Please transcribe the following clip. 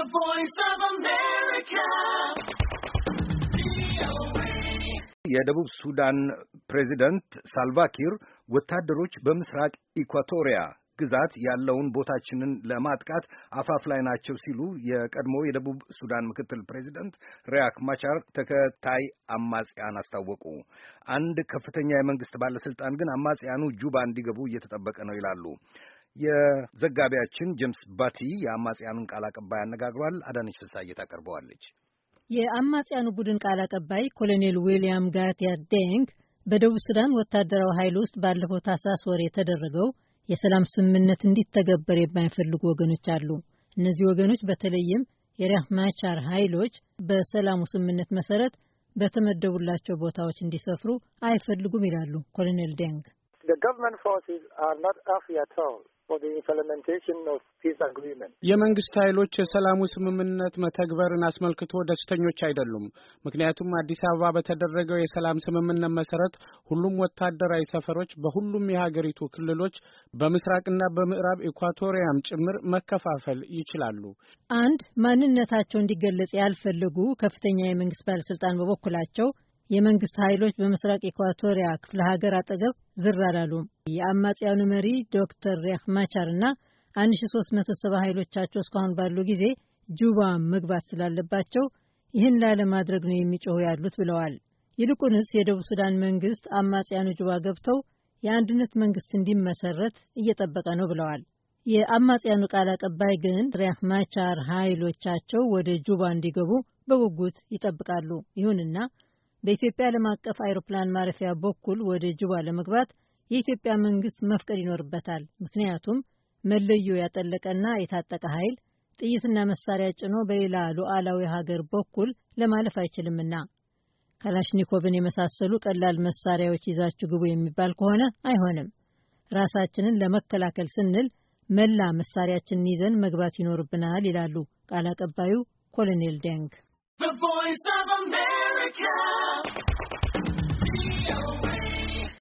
The Voice of America. የደቡብ ሱዳን ፕሬዚደንት ሳልቫኪር ወታደሮች በምስራቅ ኢኳቶሪያ ግዛት ያለውን ቦታችንን ለማጥቃት አፋፍ ላይ ናቸው ሲሉ የቀድሞ የደቡብ ሱዳን ምክትል ፕሬዚደንት ሪያክ ማቻር ተከታይ አማጽያን አስታወቁ። አንድ ከፍተኛ የመንግስት ባለስልጣን ግን አማጽያኑ ጁባ እንዲገቡ እየተጠበቀ ነው ይላሉ። የዘጋቢያችን ጄምስ ባቲ የአማጽያኑን ቃል አቀባይ አነጋግሯል። አዳነች ፍሳዬ ታቀርበዋለች። የአማጽያኑ ቡድን ቃል አቀባይ ኮሎኔል ዊልያም ጋቲያ ዴንግ በደቡብ ሱዳን ወታደራዊ ኃይል ውስጥ ባለፈው ታህሳስ ወር የተደረገው የሰላም ስምምነት እንዲተገበር የማይፈልጉ ወገኖች አሉ። እነዚህ ወገኖች በተለይም የሪያክ ማቻር ኃይሎች በሰላሙ ስምምነት መሰረት በተመደቡላቸው ቦታዎች እንዲሰፍሩ አይፈልጉም ይላሉ ኮሎኔል ዴንግ። የመንግስት ኃይሎች የሰላሙ ስምምነት መተግበርን አስመልክቶ ደስተኞች አይደሉም። ምክንያቱም አዲስ አበባ በተደረገው የሰላም ስምምነት መሰረት ሁሉም ወታደራዊ ሰፈሮች በሁሉም የሀገሪቱ ክልሎች በምስራቅና በምዕራብ ኢኳቶሪያም ጭምር መከፋፈል ይችላሉ። አንድ ማንነታቸው እንዲገለጽ ያልፈለጉ ከፍተኛ የመንግስት ባለስልጣን በበኩላቸው የመንግስት ኃይሎች በምስራቅ ኢኳቶሪያ ክፍለ ሀገር አጠገብ ዝር አላሉ። የአማጽያኑ መሪ ዶክተር ሪያክ ማቻር እና 1370 ኃይሎቻቸው እስካሁን ባለው ጊዜ ጁባ መግባት ስላለባቸው ይህን ላለማድረግ ነው የሚጮሁ ያሉት ብለዋል። ይልቁንስ የደቡብ ሱዳን መንግስት አማጽያኑ ጁባ ገብተው የአንድነት መንግስት እንዲመሰረት እየጠበቀ ነው ብለዋል። የአማጽያኑ ቃል አቀባይ ግን ሪያክ ማቻር ኃይሎቻቸው ወደ ጁባ እንዲገቡ በጉጉት ይጠብቃሉ። ይሁንና በኢትዮጵያ ዓለም አቀፍ አይሮፕላን ማረፊያ በኩል ወደ ጅባ ለመግባት የኢትዮጵያ መንግስት መፍቀድ ይኖርበታል። ምክንያቱም መለዮ ያጠለቀና የታጠቀ ኃይል ጥይትና መሳሪያ ጭኖ በሌላ ሉዓላዊ ሀገር በኩል ለማለፍ አይችልምና ካላሽኒኮቭን የመሳሰሉ ቀላል መሳሪያዎች ይዛችሁ ግቡ የሚባል ከሆነ አይሆንም። ራሳችንን ለመከላከል ስንል መላ መሳሪያችንን ይዘን መግባት ይኖርብናል ይላሉ ቃል አቀባዩ ኮሎኔል ደንግ።